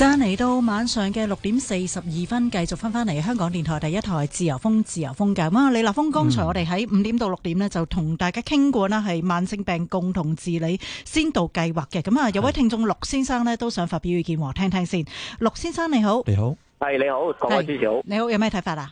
嚟到晚上嘅六點四十二分，繼續翻翻嚟香港電台第一台自由風，自由風嘅。咁啊，李立峰，剛、嗯、才我哋喺五點到六點呢，就同大家傾過啦，係慢性病共同治理先導計劃嘅，咁啊有位聽眾陸先生呢，都想發表意見，話聽聽先。陸先生你好，你好，係你好，各位主持好，你好，有咩睇法啊？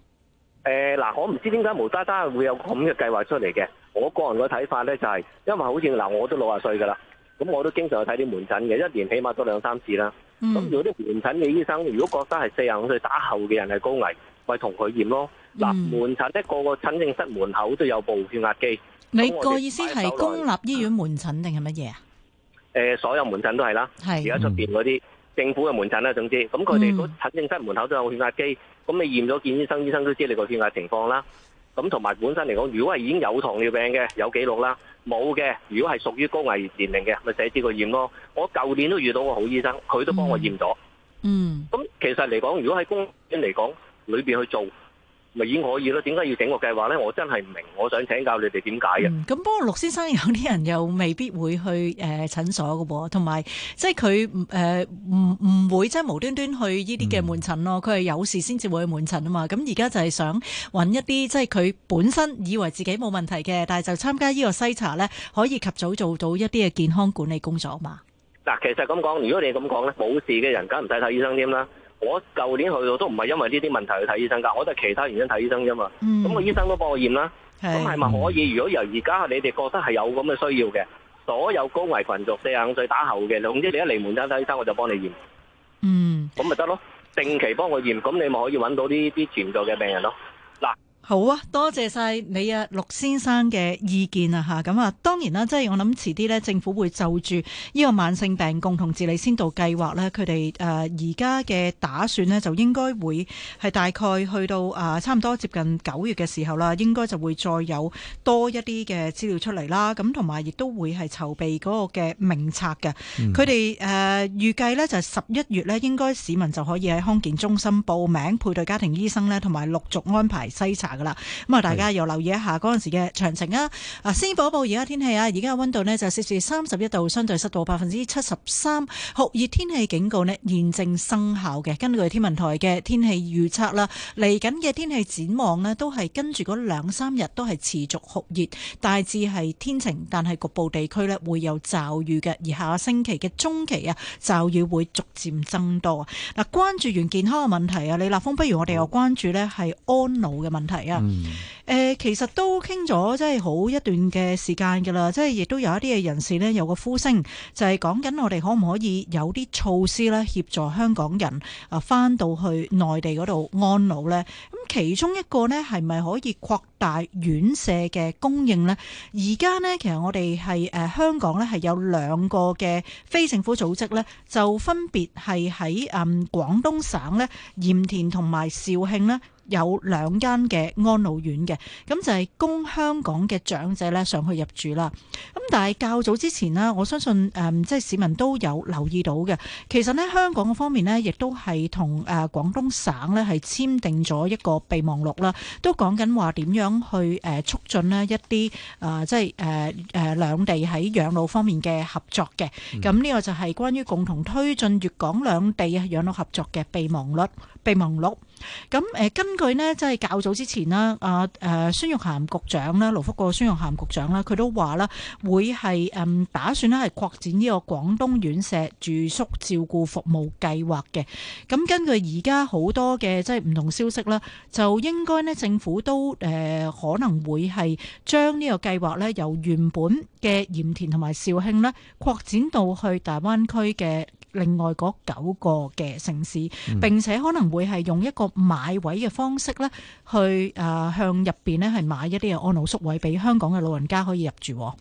誒、呃、嗱，我唔知點解無端端會有咁嘅計劃出嚟嘅，我個人嘅睇法呢，就係、是，因為好似嗱，我都六啊歲噶啦，咁我都經常去睇啲門診嘅，一年起碼都兩三次啦。咁、嗯、如果啲門診嘅醫生，如果覺得係四十五歲打後嘅人係高危，咪同佢驗咯。嗱、嗯，門診咧個個診症室門口都有部血壓機。你個意思係公立醫院門診定係乜嘢啊？誒，所有門診都係啦，而家出邊嗰啲政府嘅門診啦。總之，咁佢哋個診症室門口都有血壓機，咁你驗咗見醫生，醫生都知你個血壓情況啦。咁同埋本身嚟講，如果係已經有糖尿病嘅有記錄啦，冇嘅，如果係屬於高危年齡嘅，咪寫支個驗咯。我舊年都遇到個好醫生，佢都幫我驗咗。嗯，咁其實嚟講，如果喺公院嚟講裏面去做。咪已經可以咯？點解要整個計劃咧？我真係唔明。我想請教你哋點解嘅。咁不過陸先生有啲人又未必會去誒診所嘅喎，同埋即係佢誒唔唔會即係無端端去呢啲嘅門診咯。佢係有事先至會去門診啊嘛。咁而家就係想搵一啲即係佢本身以為自己冇問題嘅，但係就參加呢個篩查咧，可以及早做到一啲嘅健康管理工作啊嘛。嗱，其實咁講，如果你咁講咧，冇事嘅人梗唔使睇醫生添啦。我舊年去到都唔係因為呢啲問題去睇醫生噶，我都係其他原因睇醫生啫嘛。咁、嗯、我、個、醫生都幫我驗啦。咁係咪可以？如果由而家你哋覺得係有咁嘅需要嘅，所有高危群族四十五歲打後嘅，總之你一嚟門診睇醫生，我就幫你驗。嗯，咁咪得咯，定期幫我驗，咁你咪可以搵到呢啲潛在嘅病人咯。嗱。好啊，多謝晒你啊，陸先生嘅意見啊嚇，咁啊當然啦，即係我諗遲啲呢政府會就住呢個慢性病共同治理先導計劃呢，佢哋誒而家嘅打算呢，就應該會係大概去到啊差唔多接近九月嘅時候啦，應該就會再有多一啲嘅資料出嚟啦，咁同埋亦都會係籌備嗰個嘅名冊嘅。佢哋誒預計呢，就係十一月呢，應該市民就可以喺康健中心報名配對家庭醫生呢，同埋陸續安排篩查。啦，咁啊，大家又留意一下嗰陣時嘅詳情啊！啊，先報一報而家天氣啊，而家嘅溫度呢，就攝氏三十一度，相對濕度百分之七十三，酷熱天氣警告呢，現正生效嘅。根據天文台嘅天氣預測啦，嚟緊嘅天氣展望呢，都係跟住嗰兩三日都係持續酷熱，大致係天晴，但係局部地區呢會有驟雨嘅。而下個星期嘅中期啊，驟雨會逐漸增多。嗱，關注完健康嘅問題啊，李立峰，不如我哋又關注呢係安老嘅問題。嗯。誒其實都傾咗即係好一段嘅時間㗎啦，即係亦都有一啲嘅人士咧有個呼聲，就係講緊我哋可唔可以有啲措施咧協助香港人啊翻到去內地嗰度安老咧？咁其中一個咧係咪可以擴大院舍嘅供應咧？而家咧其實我哋係誒香港咧係有兩個嘅非政府組織咧，就分別係喺誒廣東省咧鹽田同埋肇慶咧有兩間嘅安老院嘅。咁就係供香港嘅長者咧上去入住啦。咁但係較早之前啦，我相信誒、嗯，即係市民都有留意到嘅。其實呢，香港嘅方面呢，亦都係同誒廣東省呢係簽訂咗一個備忘錄啦，都講緊話點樣去誒促進一啲誒、呃、即係誒誒兩地喺養老方面嘅合作嘅。咁、嗯、呢個就係關於共同推進粵港兩地養老合作嘅備忘錄。備忘錄。咁誒，根據呢即係較早之前啦，阿誒孫玉菡局長啦，勞福局孫玉菡局長啦，佢都話啦，會係誒打算咧，係擴展呢個廣東院舍住宿照顧服務計劃嘅。咁根據而家好多嘅即係唔同消息啦，就應該呢政府都誒可能會係將呢個計劃呢由原本嘅鹽田同埋肇慶呢擴展到去大灣區嘅。另外嗰九個嘅城市，並且可能會係用一個買位嘅方式咧，去誒向入邊，咧係買一啲嘅安老宿位俾香港嘅老人家可以入住。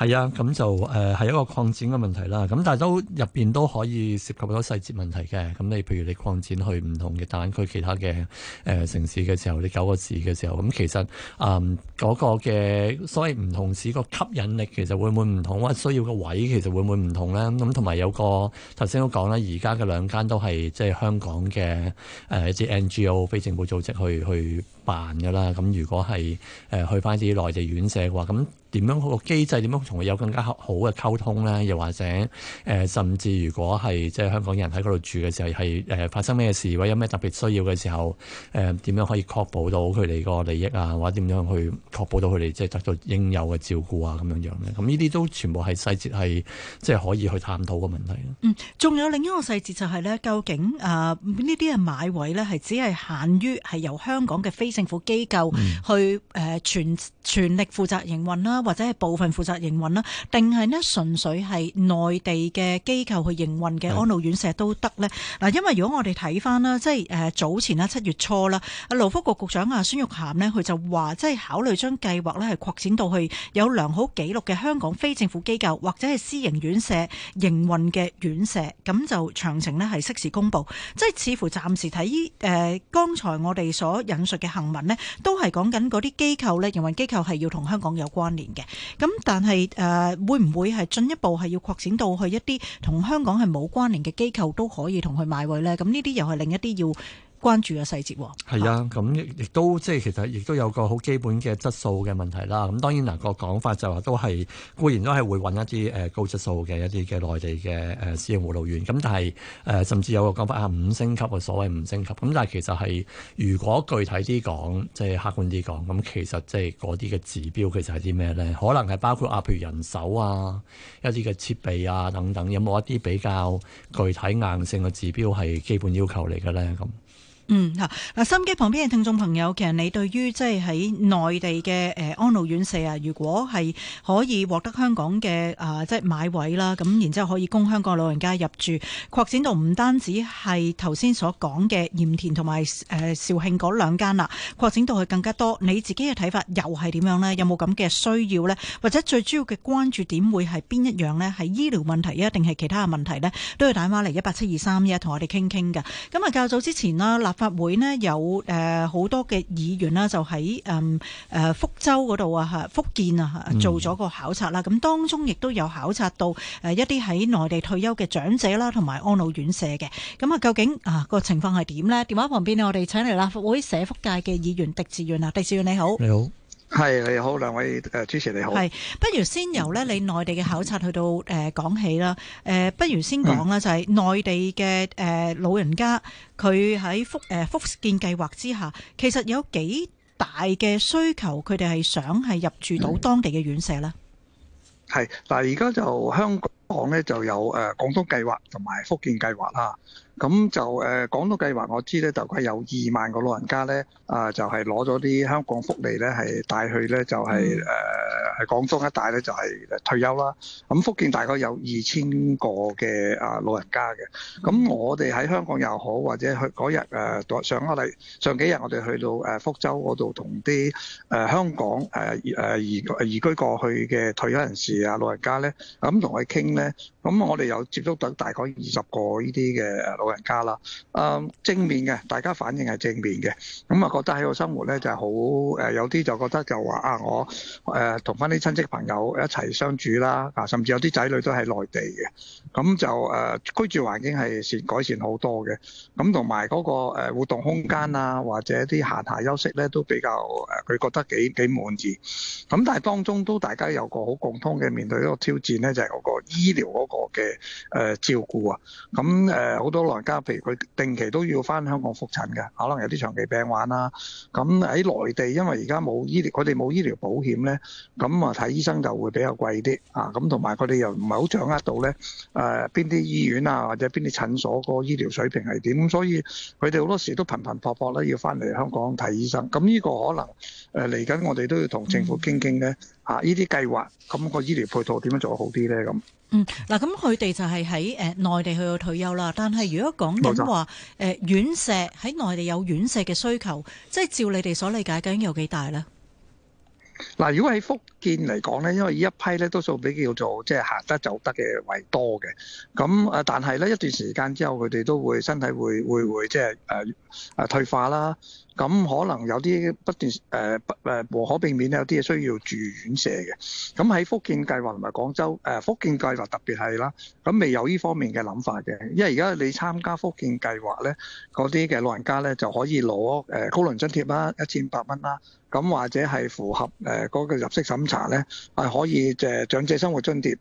係啊，咁就誒係、呃、一個擴展嘅問題啦。咁但係都入面都可以涉及到細節問題嘅。咁你譬如你擴展去唔同嘅地區、其他嘅誒、呃、城市嘅時候，你九個市嘅時候，咁其實誒嗰、嗯那個嘅所謂唔同市個吸引力其實會唔會唔同，需要個位其實會唔會唔同咧？咁同埋有個頭先都講啦，而家嘅兩間都係即係香港嘅誒、呃、一支 NGO 非政府組織去去。難噶啦，咁如果係誒去翻啲內地院舍嘅話，咁點樣個機制？點樣同佢有更加好嘅溝通咧？又或者誒甚至如果係即係香港人喺嗰度住嘅時候，係誒發生咩事或者有咩特別需要嘅時候，誒點樣可以確保到佢哋個利益啊？或者點樣去確保到佢哋即係得到應有嘅照顧啊？咁樣樣咧，咁呢啲都全部係細節，係即係可以去探討嘅問題咯。嗯，仲有另一個細節就係咧，究竟啊呢啲係買位咧，係只係限於係由香港嘅飛？政府機構去誒全全力負責營運啦，或者係部分負責營運啦，定係咧純粹係內地嘅機構去營運嘅安老院舍都得咧。嗱、嗯，因為如果我哋睇翻啦，即係誒早前啦，七月初啦，阿勞福局局長啊孫玉菡咧，佢就話即係考慮將計劃咧係擴展到去有良好記錄嘅香港非政府機構或者係私營院舍營運嘅院舍，咁就詳情咧係適時公布。即係似乎暫時睇誒剛才我哋所引述嘅。人民咧，都係講緊嗰啲機構呢，營運機構係要同香港有關聯嘅。咁但係誒、呃，會唔會係進一步係要擴展到去一啲同香港係冇關聯嘅機構都可以同佢買位呢？咁呢啲又係另一啲要。關注嘅細節，係啊，咁亦都即係其實亦都有個好基本嘅質素嘅問題啦。咁當然嗱、那個講法就話都係固然都係會揾一啲誒高質素嘅一啲嘅內地嘅誒私營護老院。咁但係誒、呃、甚至有個講法啊，五星級啊，所謂五星級。咁但係其實係如果具體啲講，即、就、係、是、客觀啲講，咁其實即係嗰啲嘅指標其實係啲咩咧？可能係包括啊，譬如人手啊，一啲嘅設備啊等等。有冇一啲比較具體硬性嘅指標係基本要求嚟嘅咧？咁？嗯嚇，嗱心機旁邊嘅聽眾朋友，其實你對於即係喺內地嘅誒安老院舍啊，如果係可以獲得香港嘅啊即係買位啦，咁然之後可以供香港老人家入住，擴展到唔單止係頭先所講嘅鹽田同埋誒肇慶嗰兩間啦，擴展到去更加多，你自己嘅睇法又係點樣呢？有冇咁嘅需要呢？或者最主要嘅關注點會係邊一樣呢？係醫療問題啊，定係其他嘅問題呢？都要打電話嚟一八七二三一，同我哋傾傾㗎。咁啊，較早之前啦，立法會呢，有誒好多嘅議員啦，就喺誒誒福州嗰度啊嚇，福建啊做咗個考察啦。咁、嗯、當中亦都有考察到誒一啲喺內地退休嘅長者啦，同埋安老院舍嘅。咁啊，究竟啊個情況係點呢？電話旁邊我哋請嚟立法會社福界嘅議員狄志遠啊，狄志遠你好。你好。係，你好，兩位誒，主持你好。係，不如先由咧你內地嘅考察去到誒講起啦。誒，不如先講啦，就係內地嘅誒老人家，佢喺福誒福建計劃之下，其實有幾大嘅需求，佢哋係想係入住到當地嘅院舍咧。係，嗱而家就香港咧就有誒廣東計劃同埋福建計劃啦。咁就誒講、啊、到計劃，我知咧就佢有二萬個老人家咧，啊就係攞咗啲香港福利咧，係帶去咧就係誒喺廣東一帶咧就係、是、退休啦。咁、啊、福建大概有二千個嘅啊老人家嘅，咁我哋喺香港又好或者去嗰日誒，上我哋上幾日我哋去到誒福州嗰度同啲誒香港誒、啊、移移居過去嘅退休人士啊老人家咧，咁同佢傾咧，咁我哋有接觸到大概二十個呢啲嘅老人家老人家。老人家啦，誒正面嘅，大家反應係正面嘅，咁、嗯、啊覺得喺個生活咧就係好誒有啲就覺得就話啊，我誒同翻啲親戚朋友一齊相處啦，啊，甚至有啲仔女都喺內地嘅，咁、嗯、就誒居住環境係善改善好多嘅，咁同埋嗰個誒互動空間啊，或者啲閒暇休息咧都比較誒佢、呃、覺得幾幾滿意，咁、嗯、但係當中都大家有個好共通嘅面對一個挑戰咧，就係、是、嗰個醫療嗰個嘅誒、呃、照顧啊，咁誒好多家譬如佢定期都要翻香港覆診嘅，可能有啲長期病患啦。咁喺內地，因為而家冇醫療，佢哋冇醫療保險咧，咁啊睇醫生就會比較貴啲啊。咁同埋佢哋又唔係好掌握到咧，誒，邊啲醫院啊或者邊啲診所個醫療水平係點，所以佢哋好多時都頻頻撲撲咧要翻嚟香港睇醫生。咁呢個可能誒嚟緊，呃、我哋都要同政府傾傾咧。嗯啊！依啲計劃，咁、那個醫療配套點樣做好啲咧？咁嗯，嗱，咁佢哋就係喺誒內地去到退休啦。但係如果講緊話，誒院舍喺內地有院舍嘅需求，即、就、係、是、照你哋所理解，究竟有幾大咧？嗱、嗯，如果喺福建嚟講咧，因為呢一批咧多數俾叫做即係行得走得嘅為多嘅，咁誒，但係咧一段時間之後，佢哋都會身體會會會即係誒誒退化啦。咁可能有啲不斷誒、呃、不誒、呃、無可避免咧，有啲嘢需要住院舍嘅。咁喺福建計劃同埋廣州誒、呃、福建計劃特別係啦，咁未有呢方面嘅諗法嘅。因為而家你參加福建計劃咧，嗰啲嘅老人家咧就可以攞誒高齡津貼啦、啊，一千八蚊啦。咁或者係符合誒嗰、呃那個入息審查咧，係、啊、可以誒長者生活津貼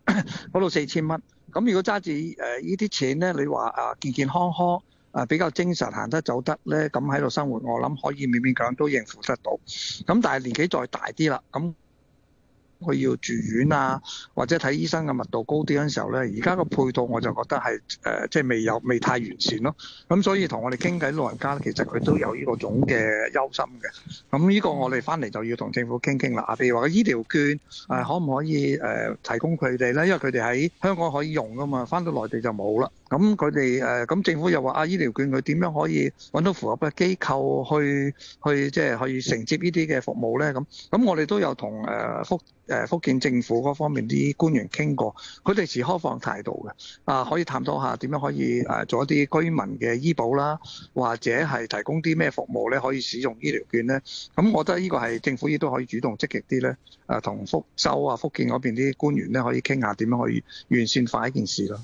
攞 到四千蚊。咁如果揸住呢啲錢咧，你話啊健健康康。啊，比較精神行得走得咧，咁喺度生活，我諗可以勉勉強都應付得到。咁但係年紀再大啲啦，咁佢要住院啊，或者睇醫生嘅密度高啲嗰陣時候咧，而家個配套我就覺得係誒、呃，即係未有未太完善咯。咁所以同我哋傾偈，老人家其實佢都有呢個種嘅憂心嘅。咁呢個我哋翻嚟就要同政府傾傾啦。譬如話個醫療券，呃、可唔可以誒、呃、提供佢哋咧？因為佢哋喺香港可以用噶嘛，翻到內地就冇啦。咁佢哋誒，咁政府又話啊醫療券佢點樣可以揾到符合嘅機構去去即係、就是、去承接呢啲嘅服務咧？咁咁我哋都有同誒福誒、啊、福建政府嗰方面啲官員傾過，佢哋持開放態度嘅啊，可以探討下點樣可以誒做一啲居民嘅醫保啦，或者係提供啲咩服務咧，可以使用醫療券咧？咁我覺得呢個係政府亦都可以主動積極啲咧，誒、啊，同福州啊福建嗰邊啲官員咧可以傾下點樣可以完善化一件事咯。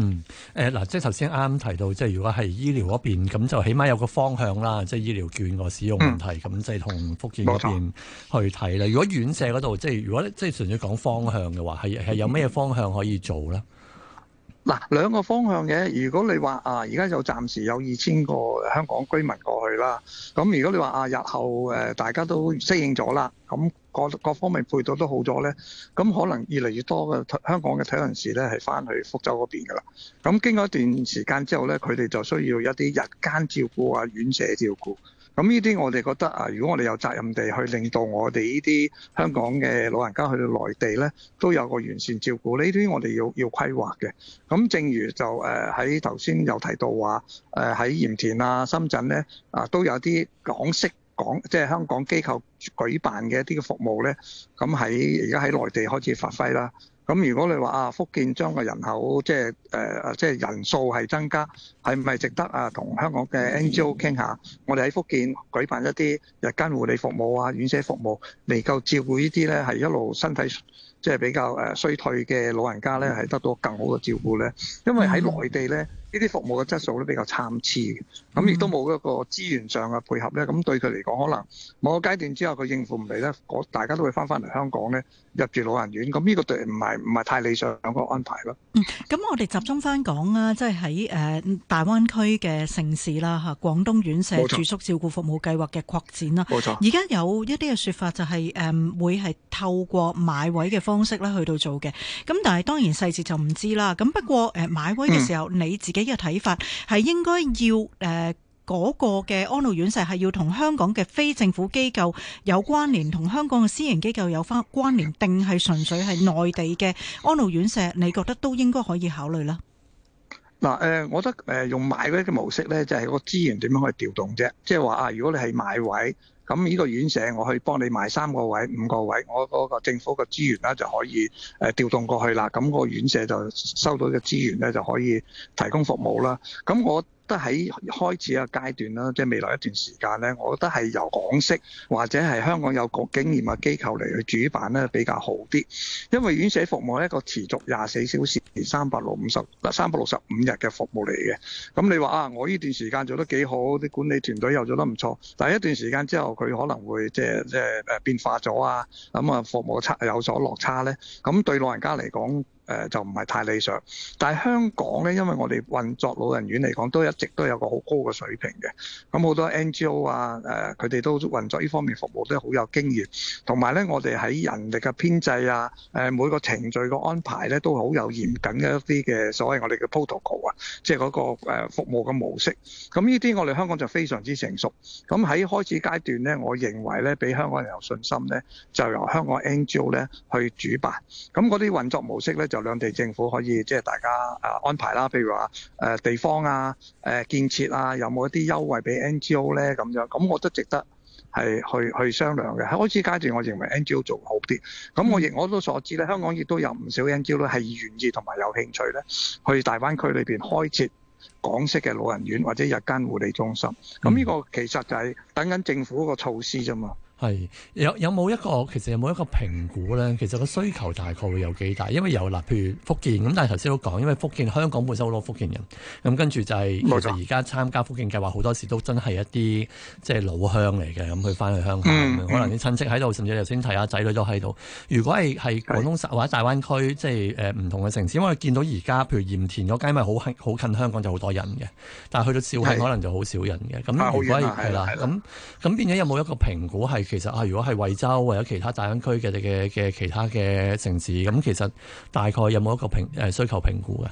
嗯，誒嗱，即係頭先啱啱提到，即係如果係醫療嗰邊，咁就起碼有個方向啦，即係醫療券個使用問題，咁即係同福建嗰邊去睇啦。如果院舍嗰度，即係如果即係純粹講方向嘅話，係係有咩方向可以做咧？嗱，兩個方向嘅。如果你話啊，而家就暫時有二千個香港居民過去啦，咁如果你話啊，日後大家都適應咗啦，咁。各各方面配套都好咗呢。咁可能越嚟越多嘅香港嘅體能士呢，係翻去福州嗰邊噶啦。咁經過一段時間之後呢，佢哋就需要一啲日間照顧啊、院舍照顧。咁呢啲我哋覺得啊，如果我哋有責任地去令到我哋呢啲香港嘅老人家去到內地呢，都有個完善照顧。呢啲我哋要要規劃嘅。咁正如就喺頭先有提到話，喺鹽田啊、深圳呢，啊都有啲港式。港即係香港機構舉辦嘅一啲嘅服務呢，咁喺而家喺內地開始發揮啦。咁如果你話啊，福建將個人口即係誒即係人數係增加，係唔係值得啊？同香港嘅 NGO 傾下，嗯、我哋喺福建舉辦一啲日間護理服務啊、院舍服務，未夠照顧呢啲呢，係一路身體。即係比較誒衰退嘅老人家咧，係得到更好嘅照顧咧。因為喺內地咧，呢啲服務嘅質素咧比較參差嘅，咁亦都冇一個資源上嘅配合咧。咁對佢嚟講，可能某個階段之後佢應付唔嚟咧，大家都會翻翻嚟香港咧，入住老人院。咁呢個對唔係唔係太理想一個安排咯、嗯。咁我哋集中翻講啦，即係喺誒大灣區嘅城市啦嚇，廣東院舍住宿照顧服務計劃嘅擴展啦。冇錯。而家有一啲嘅説法就係、是、誒會係透過買位嘅，方式咧去到做嘅，咁但係當然細節就唔知啦。咁不過誒買位嘅時候，嗯，你自己嘅睇法係應該要誒嗰個嘅安老院舍係要同香港嘅非政府機構有關聯，同香港嘅私營機構有翻關聯，定係純粹係內地嘅安老院舍？你覺得都應該可以考慮啦。嗱，誒，我覺得誒用買嗰啲嘅模式咧，就係個資源點樣去調動啫。即係話啊，如果你係買位。咁呢個院舍，我去幫你買三個位，五個位，我嗰個政府嘅資源咧就可以誒調動過去啦。咁個院舍就收到嘅資源咧，就可以提供服務啦。咁我。都喺開始一個階段啦，即係未來一段時間咧，我覺得係由港式或者係香港有個經驗嘅機構嚟去主辦咧比較好啲，因為院舍服務係一個持續廿四小時三百六五十三百六十五日嘅服務嚟嘅。咁你話啊，我呢段時間做得幾好，啲管理團隊又做得唔錯，但係一段時間之後佢可能會即係即係誒變化咗啊，咁啊服務差有所落差咧，咁對老人家嚟講。誒就唔係太理想，但係香港呢，因為我哋運作老人院嚟講，都一直都有個好高嘅水平嘅。咁好多 NGO 啊，誒佢哋都運作呢方面服務都好有經驗。同埋呢，我哋喺人力嘅編制啊、呃，每個程序嘅安排呢，都好有嚴謹嘅一啲嘅所謂我哋嘅 protocol 啊，即係嗰個服務嘅模式。咁呢啲我哋香港就非常之成熟。咁喺開始階段呢，我認為呢，畀香港人有信心呢，就由香港 NGO 呢去主辦。咁嗰啲運作模式呢，就。兩地政府可以即係大家誒安排啦，譬如話誒、呃、地方啊、誒、呃、建設啊，有冇一啲優惠俾 NGO 咧？咁樣咁，咁我都值得係去去商量嘅。開始階段，我認為 NGO 做得好啲。咁我亦我都所知咧，香港亦都有唔少 NGO 咧，係願意同埋有興趣咧，去大灣區裏邊開設港式嘅老人院或者日間護理中心。咁呢個其實就係等緊政府個措施啫嘛。係有有冇一個其實有冇一個評估咧？其實個需求大概會有幾大？因為有啦，譬如福建咁，但係頭先都講，因為福建香港本身好多福建人，咁跟住就係其實而家參加福建計劃好多時都真係一啲即係老鄉嚟嘅，咁佢翻去香港，嗯、可能啲親戚喺度，嗯、甚至頭先提下仔女都喺度。如果係係廣東或者大灣區，是即係誒唔同嘅城市，因為見到而家譬如鹽田嗰間咪好近好近香港就好多人嘅，但係去到肇慶可能就好少人嘅。咁是如果係係啦，咁咁、啊啊、變咗有冇一個評估係？其實啊，如果係惠州或者其他大灣區嘅嘅嘅其他嘅城市，咁其實大概有冇一個評誒需求評估嘅？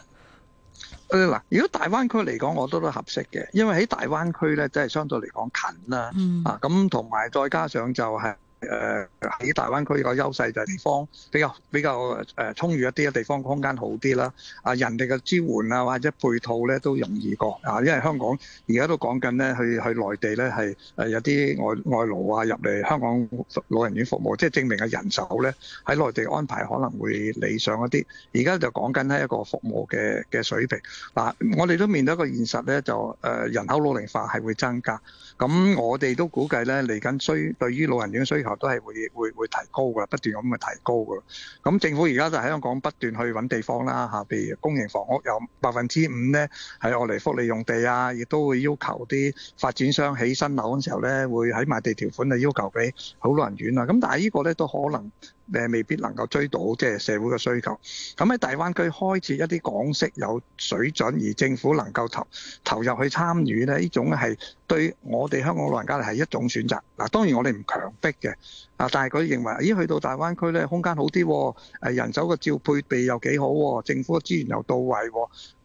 嗱，如果大灣區嚟講，我覺得都合適嘅，因為喺大灣區咧，即係相對嚟講近啦，嗯、啊咁，同埋再加上就係、是。誒喺大灣區個優勢就係地方比較比較誒、呃、充裕一啲，地方空間好啲啦。啊，人哋嘅支援啊，或者配套咧都容易過啊。因為香港而家都講緊咧，去去內地咧係誒有啲外外勞啊入嚟香港老人院服務，即、就、係、是、證明嘅人手咧喺內地安排可能會理想一啲。而家就講緊係一個服務嘅嘅水平。嗱、啊，我哋都面對一個現實咧，就誒、呃、人口老齡化係會增加。咁我哋都估計咧嚟緊需對於老人院嘅需求都係會會會提高噶，不斷咁去提高噶。咁政府而家就喺香港不斷去揾地方啦，嚇，譬如公營房屋有百分之五咧係我嚟福利用地啊，亦都會要求啲發展商起新樓嘅時候咧，會喺買地條款啊要求俾好老人院啊。咁但係呢個咧都可能。誒未必能夠追到即係社會嘅需求，咁喺大灣區開設一啲港式有水準，而政府能夠投投入去參與呢，呢種係對我哋香港老人家係一種選擇。嗱，當然我哋唔強迫嘅。啊！但係佢認為，咦？去到大灣區咧，空間好啲，喎，人手嘅照配備又幾好，政府嘅資源又到位，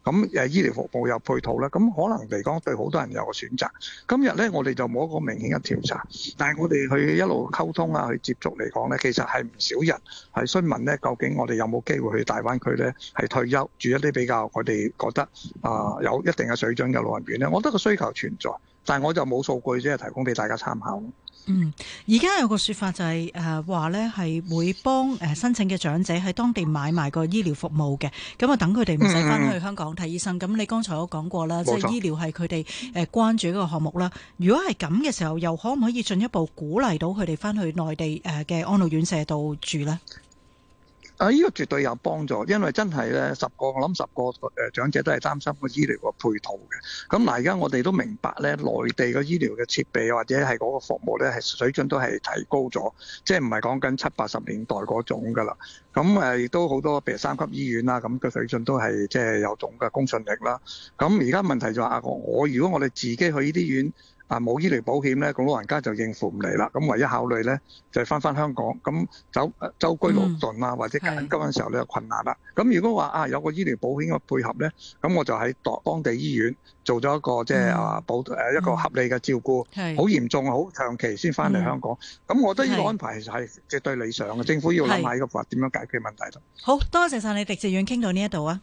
咁誒醫療服務又配套呢，咁可能嚟講對好多人有個選擇。今日咧，我哋就冇一個明顯嘅調查，但係我哋去一路溝通啊，去接觸嚟講咧，其實係唔少人係詢問咧，究竟我哋有冇機會去大灣區咧係退休住一啲比較我哋覺得啊有一定嘅水準嘅老人院咧？我覺得個需求存在，但係我就冇數據，只係提供俾大家參考。嗯，而家有個說法就係誒話咧，係、呃、會幫誒、呃、申請嘅長者喺當地買埋個醫療服務嘅，咁啊等佢哋唔使翻去香港睇醫生。咁、嗯、你剛才都講過啦，即係醫療係佢哋誒關注嘅一個項目啦。如果係咁嘅時候，又可唔可以進一步鼓勵到佢哋翻去內地誒嘅、呃、安老院舍度住咧？啊！依個絕對有幫助，因為真係咧，十個我諗十個誒長者都係擔心個醫療個配套嘅。咁嗱，而家我哋都明白咧，內地個醫療嘅設備或者係嗰個服務咧，係水準都係提高咗，即係唔係講緊七八十年代嗰種㗎啦。咁誒亦都好多譬如三級醫院啦，咁個水準都係即係有種嘅公信力啦。咁而家問題就係啊，我如果我哋自己去呢啲院。啊，冇醫療保險咧，咁老人家就應付唔嚟啦。咁唯一考慮咧，就係翻翻香港。咁走走居勞頓啊，或者緊急嘅時候就困難啦。咁、嗯、如果話啊有個醫療保險嘅配合咧，咁我就喺當當地醫院做咗一個即係、就是、啊保誒、啊、一個合理嘅照顧，好、嗯、嚴重好長期先翻嚟香港。咁、嗯嗯、我覺得呢個安排其實係絕對理想嘅。政府要諗下呢個法點樣解決問題就。好多謝晒你迪，狄志遠，傾到呢一度啊！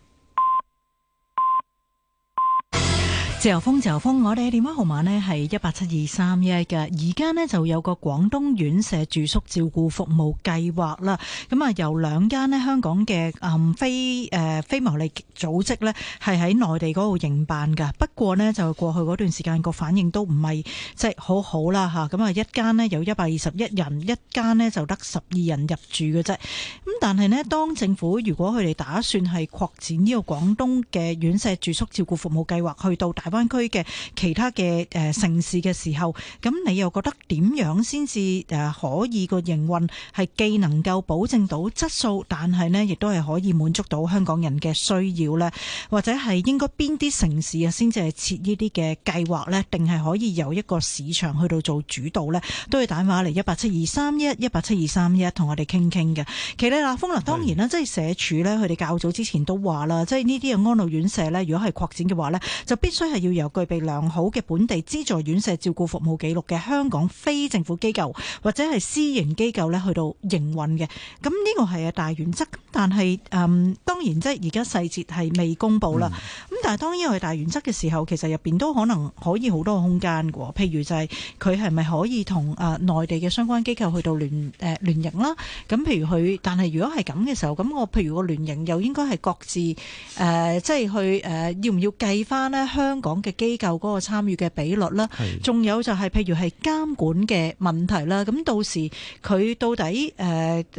自由風，自由風，我哋嘅電話號碼呢係一八七二三一嘅。而家呢就有個廣東院舍住宿照顧服務計劃啦。咁、嗯、啊，由兩間呢香港嘅、嗯、非誒、呃、非牟利組織呢係喺內地嗰度營辦噶。不過呢，就過去嗰段時間個反應都唔係即係好好啦吓。咁啊、嗯，一間呢有一百二十一人，一間呢就得十二人入住嘅啫。咁、嗯、但係呢，當政府如果佢哋打算係擴展呢個廣東嘅院舍住宿照顧服務計劃去到大，灣區嘅其他嘅、呃、城市嘅時候，咁你又覺得點樣先至呃可以個營運係既能夠保證到質素，但係呢亦都係可以滿足到香港人嘅需要咧？或者係應該邊啲城市啊先至係設呢啲嘅計劃咧？定係可以由一個市場去到做主導咧？都係打電話嚟，一八七二三一一八七二三一，同我哋傾傾嘅。其實啦，風啦，當然啦，即係社署咧，佢哋較早之前都話啦，即係呢啲嘅安老院舍咧，如果係擴展嘅話咧，就必須係要由具備良好嘅本地資助院舍照顧服務記錄嘅香港非政府機構或者係私營機構咧，去到營運嘅，咁呢個係啊大原則。但係誒、嗯，當然即係而家細節係未公布啦。咁、嗯、但係當然係大原則嘅時候，其實入邊都可能可以好多空間嘅。譬如就係佢係咪可以同誒內地嘅相關機構去到聯誒聯營啦？咁、呃、譬如佢，但係如果係咁嘅時候，咁我譬如個聯營又應該係各自誒、呃，即係去誒、呃，要唔要計翻呢香港？講嘅機構嗰個參與嘅比率啦，仲有就係譬如係監管嘅問題啦。咁到時佢到底誒誒、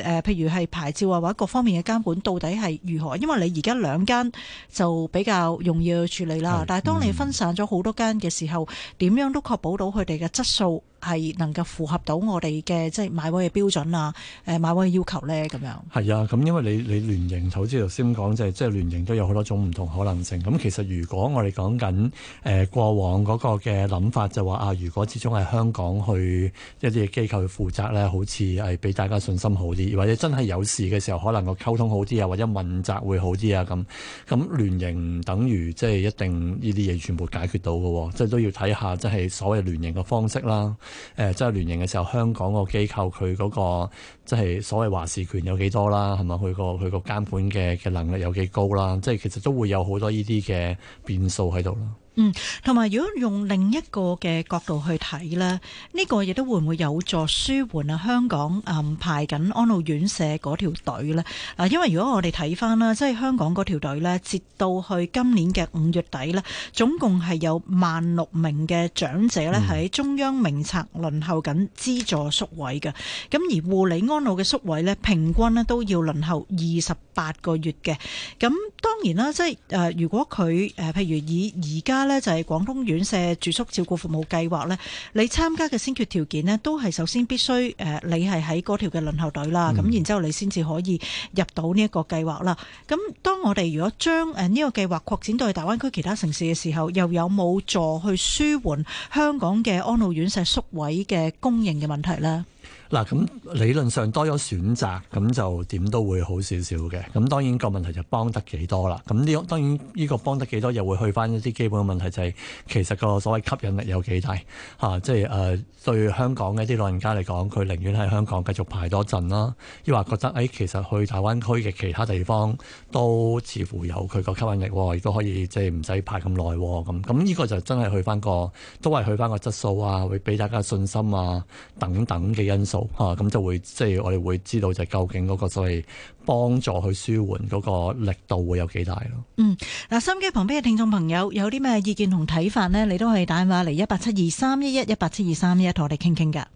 呃，譬如係牌照啊或各方面嘅監管，到底係如何？因為你而家兩間就比較容易去處理啦。但係當你分散咗好多間嘅時候，點樣都確保到佢哋嘅質素？係能夠符合到我哋嘅即係買位嘅標準啊，誒買位嘅要求咧咁樣。係啊，咁因為你你聯營就好似頭先講就係即係聯營都有好多種唔同可能性。咁其實如果我哋講緊誒過往嗰個嘅諗法，就話啊，如果始終係香港去一啲嘅機構去負責咧，好似係俾大家信心好啲，或者真係有事嘅時候可能個溝通好啲啊，或者問責會好啲啊咁。咁聯營等於即係一定呢啲嘢全部解決到嘅，即係都要睇下即係所謂聯營嘅方式啦。誒即係聯營嘅時候，香港個機構佢嗰、嗰個即係、即係、所謂話事權有幾多啦，係嘛？佢、嗰個佢個監管嘅嘅能力有幾高啦？即、即、係、係、其實都會有好多呢啲嘅變數喺度啦。嗯，同埋如果用另一個嘅角度去睇呢，呢、這個亦都會唔會有助舒緩啊香港誒、嗯、排緊安老院舍條隊呢。嗱，因為如果我哋睇返啦，即係香港條隊呢，截到去今年嘅五月底呢，總共係有萬六名嘅長者呢，喺中央名冊輪候緊資助宿位嘅。咁、嗯、而護理安老嘅宿位呢，平均呢都要輪候二十八個月嘅。咁當然啦，即係誒、呃，如果佢誒譬如以而家。咧就係、是、廣東院舍住宿照顧服務計劃咧，你參加嘅先決條件咧，都係首先必須誒，你係喺嗰條嘅輪候隊啦，咁、嗯、然之後你先至可以入到呢一個計劃啦。咁當我哋如果將誒呢個計劃擴展到去大灣區其他城市嘅時候，又有冇助去舒緩香港嘅安老院舍宿位嘅供應嘅問題呢？嗱咁理論上多咗選擇，咁就點都會好少少嘅。咁當然個問題就幫得幾多啦。咁呢、這個當然呢個幫得幾多又會去翻一啲基本嘅問題、就是，就係其實個所謂吸引力有幾大，即係誒對香港嘅啲老人家嚟講，佢寧願喺香港繼續排多陣啦，亦或覺得誒、哎、其實去大灣區嘅其他地方都似乎有佢個吸引力，亦、哦、都可以即係唔使排咁耐咁。咁、哦、呢個就真係去翻個都係去翻個質素啊，會俾大家的信心啊等等嘅因素。吓，咁就會即係我哋會知道，就究竟嗰個所謂幫助去舒緩嗰個力度會有幾大咯。嗯，嗱，心機旁邊嘅聽眾朋友有啲咩意見同睇法呢？你都可以打電話嚟一八七二三一一一八七二三一一同我哋傾傾噶。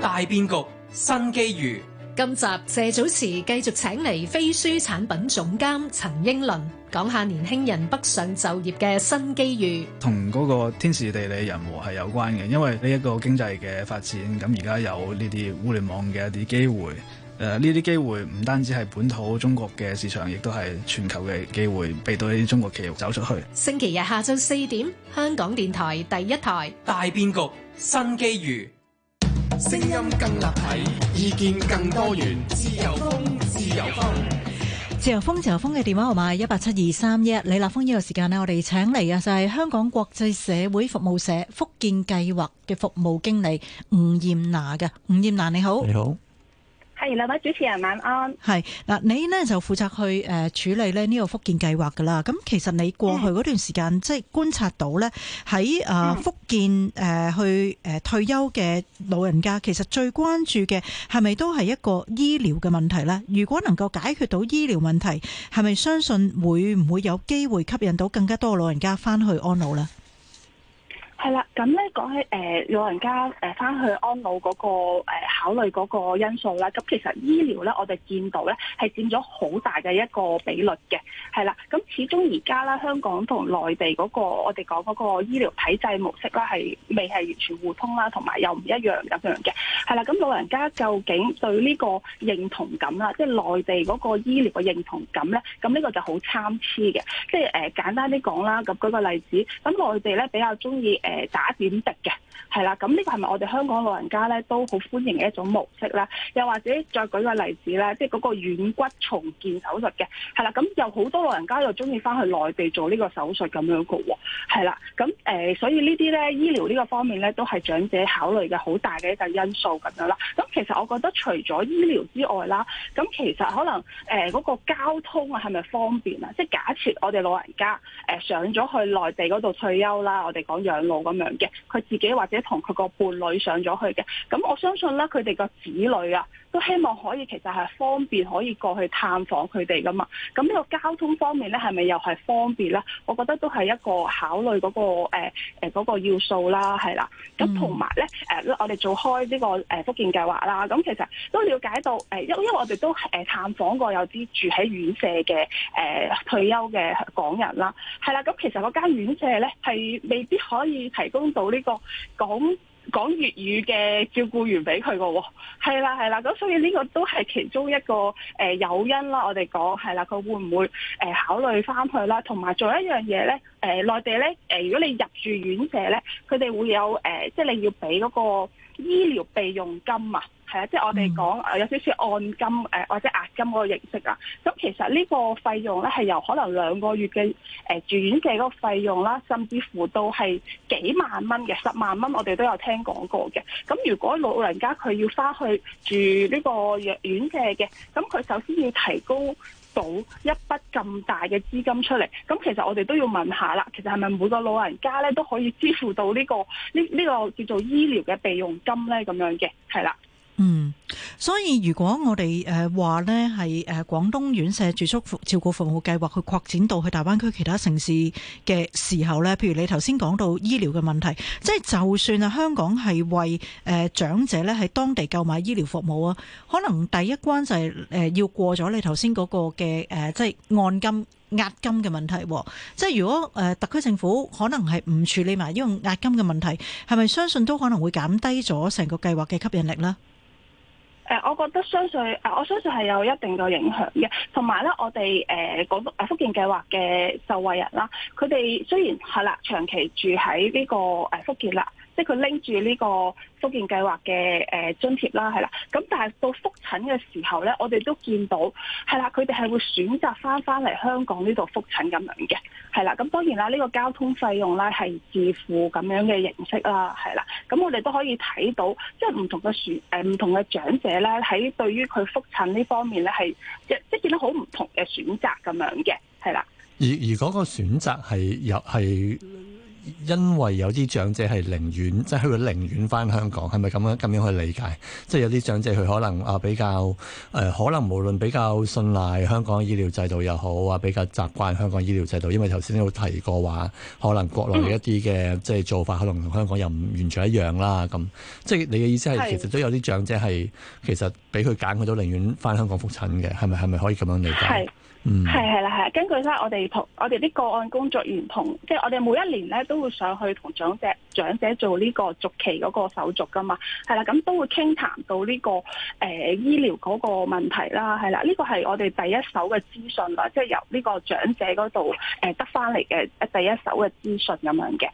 大變局，新機遇。今集謝祖慈繼續請嚟飛書產品總監陳英倫，講下年輕人北上就業嘅新機遇。同嗰個天時、地利、人和係有關嘅，因為呢一個經濟嘅發展，咁而家有呢啲互聯網嘅一啲機會。誒、呃，呢啲機會唔單止係本土中國嘅市場，亦都係全球嘅機會，畀到中國企業走出去。星期日下晝四點，香港電台第一台《大變局：新機遇》。聲音更立體，意見更多元。自由風，自由風。自由風，自由風嘅電話號碼係一八七二三一。李立峰呢、呢個時間呢，我哋請嚟嘅就係香港國際社會服務社福建計劃嘅服務經理吳艷娜嘅。吳艷娜你好。你好係，兩位主持人晚安。係。嗱，你呢就負責去誒處理咧呢個福建計劃噶啦。咁其實你過去嗰段時間，即係觀察到咧喺福建誒去誒退休嘅老人家，其實最關注嘅係咪都係一個醫療嘅問題咧？如果能夠解決到醫療問題，係咪相信會唔會有機會吸引到更加多老人家翻去安老咧？係啦，咁咧講起誒老人家返去安老嗰個考慮嗰個因素啦，咁其實醫療咧我哋見到咧係佔咗好大嘅一個比率嘅，係啦，咁始終而家啦香港同內地嗰個我哋講嗰個醫療體制模式咧係未係完全互通啦，同埋又唔一樣咁樣嘅，係啦，咁老人家究竟對呢個認同感啦，即係內地嗰個醫療嘅認同感咧，咁呢個就好參差嘅，即係誒簡單啲講啦，咁舉個例子，咁內地咧比較中意誒。誒，打點滴嘅。係啦，咁呢個係咪我哋香港老人家咧都好歡迎嘅一種模式啦？又或者再舉個例子咧，即係嗰個軟骨重建手術嘅，係啦，咁又好多老人家又中意翻去內地做呢個手術咁樣嘅，係啦，咁誒、呃，所以呢啲咧醫療呢個方面咧都係長者考慮嘅好大嘅一個因素咁樣啦。咁其實我覺得除咗醫療之外啦，咁其實可能誒嗰、呃嗰個交通係咪方便啊？即、就、係、是、假設我哋老人家誒、呃、上咗去內地嗰度退休啦，我哋講養老咁樣嘅，佢自己話。或者同佢個伴侶上咗去嘅，咁我相信咧，佢哋個子女啊，都希望可以其實係方便可以過去探訪佢哋噶嘛。咁呢個交通方面咧，係咪又係方便咧？我覺得都係一個考慮嗰、嗰個誒嗰、呃嗰個要素啦，係啦。咁同埋咧，我哋做開呢個福建計劃啦。咁其實都了解到因因為我哋都探訪過有啲住喺院舍嘅、呃、退休嘅港人啦，係啦。咁其實嗰間院舍咧係未必可以提供到呢、呢個。講講粵語嘅照顧員俾佢噶，係啦係啦，咁所以呢個都係其中一個誒誘、呃、因啦。我哋講係啦，佢會唔會誒、呃、考慮翻去啦？同埋做一樣嘢咧，誒、呃、內地咧，誒、呃、如果你入住院舍咧，佢哋會有誒、呃，即係你要俾嗰、那個。醫療備用金啊，係啊，即係我哋講有少少按金、呃、或者押金嗰個形式啊。咁其實呢個費用咧係由可能兩個月嘅、呃、住院嘅嗰個費用啦，甚至乎到係幾萬蚊嘅，十萬蚊我哋都有聽講過嘅。咁如果老人家佢要翻去住呢個院舍嘅，咁佢首先要提高到一筆咁大嘅資金出嚟，咁其實我哋都要問下啦，其實係咪每個老人家咧都可以支付到呢、呢個呢呢、呢個叫做醫療嘅備用金咧咁樣嘅，係啦。嗯，所以如果我哋誒話咧係誒廣東院舍住宿服照顧服務計劃去擴展到去大灣區其他城市嘅時候咧，譬如你頭先講到醫療嘅問題，即係就算啊，香港係為誒長者咧喺當地購買醫療服務啊，可能第一關就係誒要過咗你頭先嗰個嘅誒即係按金押金嘅問題，即係如果誒特區政府可能係唔處理埋呢個押金嘅問題，係咪相信都可能會減低咗成個計劃嘅吸引力咧？誒，我覺得相信誒，我相信係有一定嘅影響嘅。同埋咧，我哋誒福建計劃嘅受惠人啦，佢哋雖然係啦，長期住喺呢個誒福建啦。即係佢拎住呢個福建計劃嘅誒津貼啦，係啦，咁但係到復診嘅時候咧，我哋都見到係啦，佢哋係會選擇翻翻嚟香港呢度復診咁樣嘅，係啦，咁當然啦，呢、這個交通費用咧係自付咁樣嘅形式啦，係啦，咁我哋都可以睇到，即係唔同嘅選誒唔同嘅長者咧，喺對於佢復診呢方面咧係一即係見到好唔同嘅選擇咁樣嘅，係啦。而而嗰個選擇係有係。因為有啲長者係寧願，即係佢寧願翻香港，係咪咁樣咁樣去理解？即係有啲長者佢可能啊比較誒，可能無論比較信賴香港醫療制度又好啊，比較習慣香港醫療制度，因為頭先都有提過話，可能國內嘅一啲嘅即係做法可能同香港又唔完全一樣啦。咁即係你嘅意思係其實都有啲長者係其實俾佢揀，佢都寧願翻香港覆診嘅，係咪係咪可以咁樣理解？係係啦，係根據咧，我哋同我哋啲個案工作員同，即係我哋每一年咧都會上去同長者長者做呢個續期嗰個手續噶嘛，係啦，咁都會傾談到呢個誒醫療嗰個問題啦，係啦，呢個係我哋第一手嘅資訊啦，即係由呢個長者嗰度誒得翻嚟嘅第一手嘅資訊咁樣嘅。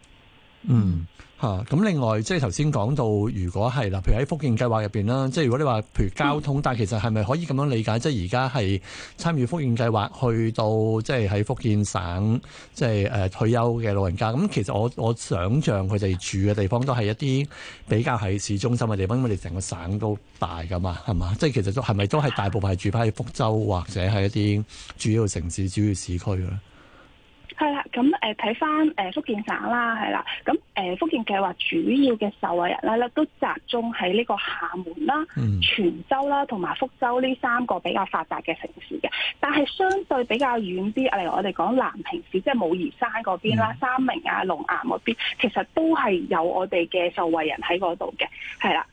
嗯。吓！咁另外，即係頭先講到，如果係啦，譬如喺福建計劃入面啦，即係如果你話譬如交通，但其實係咪可以咁樣理解，即係而家係參與福建計劃，去到即係喺福建省，即係誒退休嘅老人家。咁其實我我想象佢哋住嘅地方都係一啲比較喺市中心嘅地方，因為你成個省都大噶嘛，係嘛？即係其實都係咪都係大部分係住返喺福州或者係一啲主要城市、主要市區咧？係啦，咁睇翻福建省啦，係啦，咁福建計劃主要嘅受惠人咧，都集中喺呢個廈門啦、嗯、泉州啦同埋福州呢三個比較發達嘅城市嘅，但係相對比較遠啲，例如我哋講南平市，即係武夷山嗰邊啦、嗯、三明啊、龍岩嗰邊，其實都係有我哋嘅受惠人喺嗰度嘅，係啦。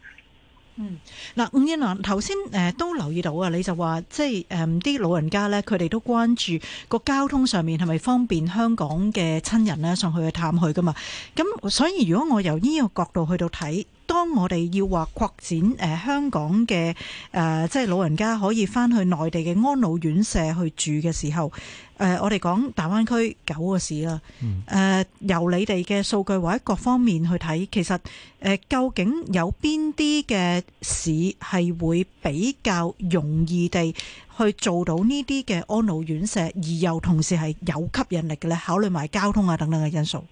嗯，嗱、嗯，吳艷娜頭先誒都留意到啊，你就話，即係誒、啲老人家咧，佢哋都關注個交通上面係咪方便香港嘅親人咧上去去探佢噶嘛，咁所以如果我由呢個角度去到睇。當我哋要話擴展誒、呃、香港嘅誒、呃、即係老人家可以翻去內地嘅安老院舍去住嘅時候，誒、呃、我哋講大灣區九個市啦，誒、嗯呃、由你哋嘅數據或者各方面去睇，其實誒、呃、究竟有邊啲嘅市係會比較容易地去做到呢啲嘅安老院舍，而又同時係有吸引力嘅咧？考慮埋交通啊等等嘅因素。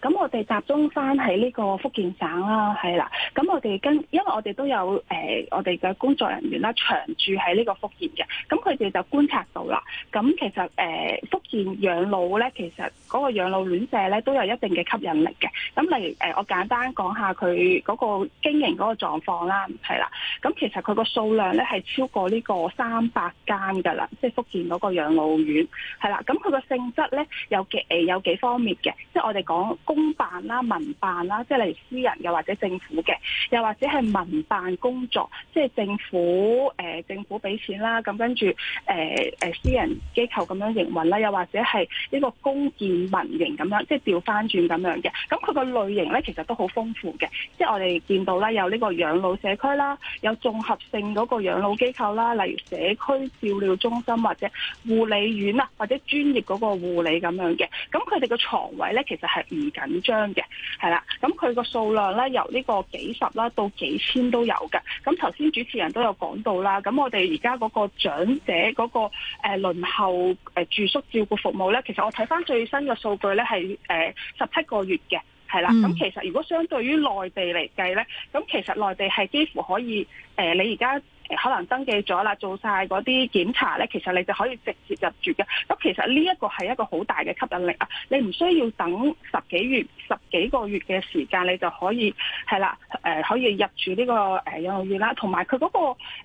咁我哋集中翻喺呢個福建省啦，係啦。咁我哋跟，因為我哋都有誒、呃、我哋嘅工作人員啦，長住喺呢個福建嘅。咁佢哋就觀察到啦。咁其實誒、呃、福建養老咧，其實嗰個養老院舍咧都有一定嘅吸引力嘅。咁例如誒，我簡單講下佢嗰個經營嗰個狀況啦，係啦。咁其實佢個數量咧係超過呢個三百間㗎啦，即、就、係、是、福建嗰個養老院係啦。咁佢個性質咧有幾有幾方面嘅，即我哋講。公辦啦、啊、民辦啦、啊，即係例如私人又或者政府嘅，又或者係民辦工作，即係政府誒、呃、政府俾錢啦，咁跟住誒誒私人機構咁樣營運啦，又或者係一個公建民營咁樣，即係調返轉咁樣嘅。咁佢個類型咧其實都好豐富嘅，即係我哋見到啦，有呢個養老社區啦，有綜合性嗰個養老機構啦，例如社區照料中心或者護理院啊，或者專業嗰個護理咁樣嘅。咁佢哋嘅床位咧其實係唔唔緊張嘅，係啦，咁佢個數量咧由呢個幾十啦到幾千都有嘅。咁頭先主持人都有講到啦，咁我哋而家嗰個長者嗰個誒輪候誒住宿照顧服務咧，其實我睇翻最新嘅數據咧係誒十七個月嘅，係啦。咁其實如果相對於內地嚟計咧，咁其實內地係幾乎可以誒，你而家。可能登記咗啦，做晒嗰啲檢查咧，其實你就可以直接入住嘅。咁其實呢一個係一個好大嘅吸引力啊！你唔需要等十幾月、十幾個月嘅時間，你就可以係啦，誒、呃、可以入住呢、這個誒養老院啦。同埋佢嗰個、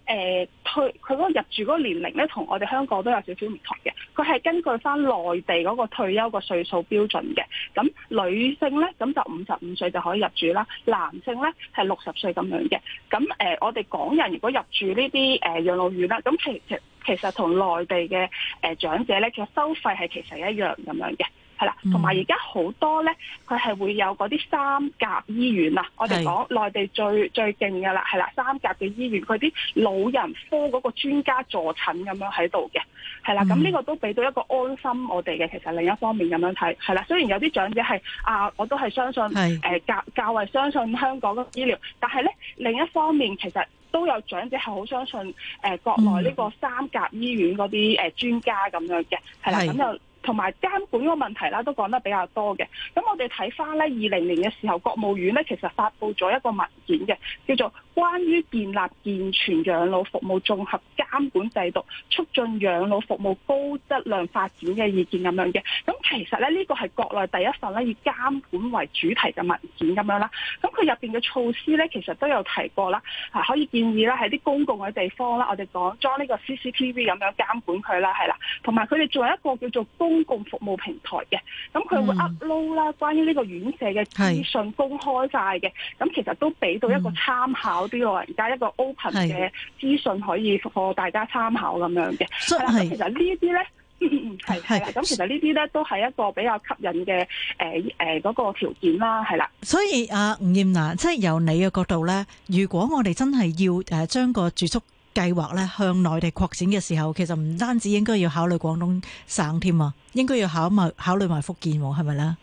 呃、退，佢嗰個入住嗰個年齡咧，同我哋香港都有少少唔同嘅。佢係根據翻內地嗰個退休個歲數標準嘅。咁女性咧，咁就五十五歲就可以入住啦；男性咧係六十歲咁樣嘅。咁誒、呃，我哋港人如果入住，呢啲誒養老院啦，咁其其其實同內地嘅誒長者咧，其實收費係其實一樣咁樣嘅，係啦。同埋而家好多咧，佢係會有嗰啲三甲醫院啦，我哋講內地最最勁嘅啦，係啦，三甲嘅醫院佢啲老人科嗰個專家坐診咁樣喺度嘅，係啦。咁呢個都俾到一個安心我哋嘅，其實另一方面咁樣睇，係啦。雖然有啲長者係啊，我都係相信誒較較為相信香港嘅醫療，但係咧另一方面其實。都有長者係好相信誒、呃、國內呢個三甲醫院嗰啲誒專家咁樣嘅，係啦，咁又同埋監管個問題啦、啊，都講得比較多嘅。咁我哋睇翻呢，二零年嘅時候，國務院呢，其實發布咗一個文件嘅，叫做關於建立健全養老服務綜合監管制度，促進養老服務高質量發展嘅意見咁樣嘅，咁其實咧呢個係國內第一份咧，以監管為主題嘅文件咁樣啦，咁佢入邊嘅措施咧，其實都有提過啦，啊可以建議啦，喺啲公共嘅地方啦，我哋講裝呢個 CCTV 咁樣監管佢啦，係啦，同埋佢哋做為一個叫做公共服務平台嘅，咁佢會 upload 啦，關於呢個院舍嘅資訊公開晒嘅，咁其實都俾到一個參考。嗯啲老人家一個 open 嘅資訊可以幫大家參考咁樣嘅，係啦。其實呢啲呢，係係咁，其實呢啲呢都係一個比較吸引嘅誒誒嗰個條件啦，係啦。所以阿吳艷娜，即係由你嘅角度呢，如果我哋真係要誒將個住宿計劃呢向內地擴展嘅時候，其實唔單止應該要考慮廣東省添啊，應該要考埋考慮埋福建喎，係咪呢？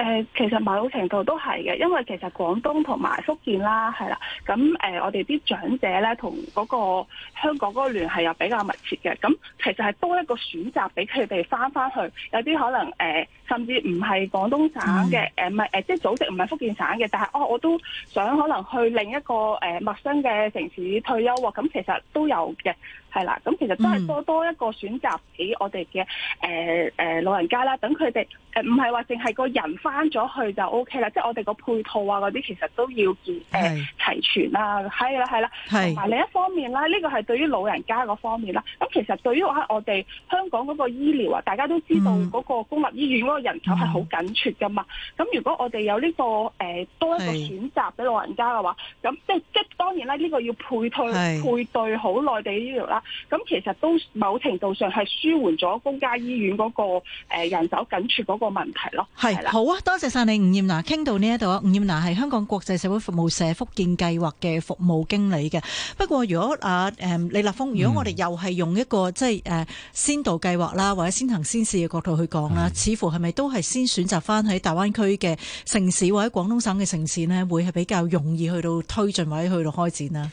誒、呃，其實某程度都係嘅，因為其實廣東同埋福建啦，係啦，咁誒、呃，我哋啲長者咧，同嗰個香港嗰個聯繫又比較密切嘅，咁其實係多一個選擇俾佢哋返返去，有啲可能誒。呃甚至唔係廣東省嘅，誒唔係誒，即係、就是、組織唔係福建省嘅，但係我、哦、我都想可能去另一個誒、呃、陌生嘅城市退休喎。咁、哦、其實都有嘅，係啦。咁、嗯嗯、其實都係多多一個選擇俾我哋嘅誒誒老人家啦。等佢哋誒唔係話淨係個人翻咗去就 O K 啦，即、就、係、是、我哋個配套啊嗰啲其實都要誒、呃、齊全啦、啊。係啦係啦，同埋另一方面啦，呢、這個係對於老人家嗰方面啦。咁其實對於喺我哋香港嗰個醫療啊，大家都知道嗰個公立醫院嘅人口係好緊缺噶嘛？咁如果我哋有呢個誒多一個選擇俾老人家嘅話，咁即即當然啦，呢個要配對配對好內地醫療啦。咁其實都某程度上係舒緩咗公家醫院嗰個人手緊缺嗰個問題咯。係啦，好啊，多謝晒你，吳艷娜，傾到呢一度啊。吳艷娜係香港國際社會服務社福建計劃嘅服務經理嘅。不過如果啊誒李立峰，如果我哋又係用一個即係誒先導計劃啦，或者先行先試嘅角度去講啦，似乎係咪？都係先選擇翻喺大灣區嘅城市或者廣東省嘅城市呢，會係比較容易去到推進或者去到開展啦。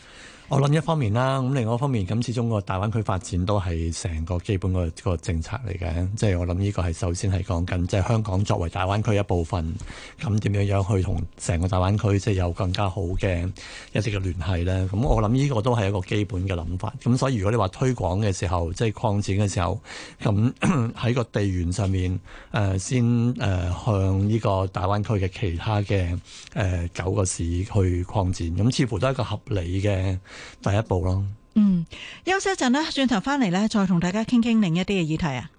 我諗一方面啦，咁另外一方面咁，始終個大灣區發展都係成個基本個政策嚟嘅。即係我諗呢個係首先係講緊，即係香港作為大灣區一部分，咁點樣樣去同成個大灣區即係有更加好嘅一啲嘅聯繫咧。咁我諗呢個都係一個基本嘅諗法。咁所以如果你話推廣嘅時候，即係擴展嘅時候，咁喺個地緣上面，誒先誒向呢個大灣區嘅其他嘅誒九個市去擴展，咁似乎都係一個合理嘅。第一步咯，嗯，休息一陣啦，轉頭翻嚟咧，再同大家傾傾另一啲嘅議題啊。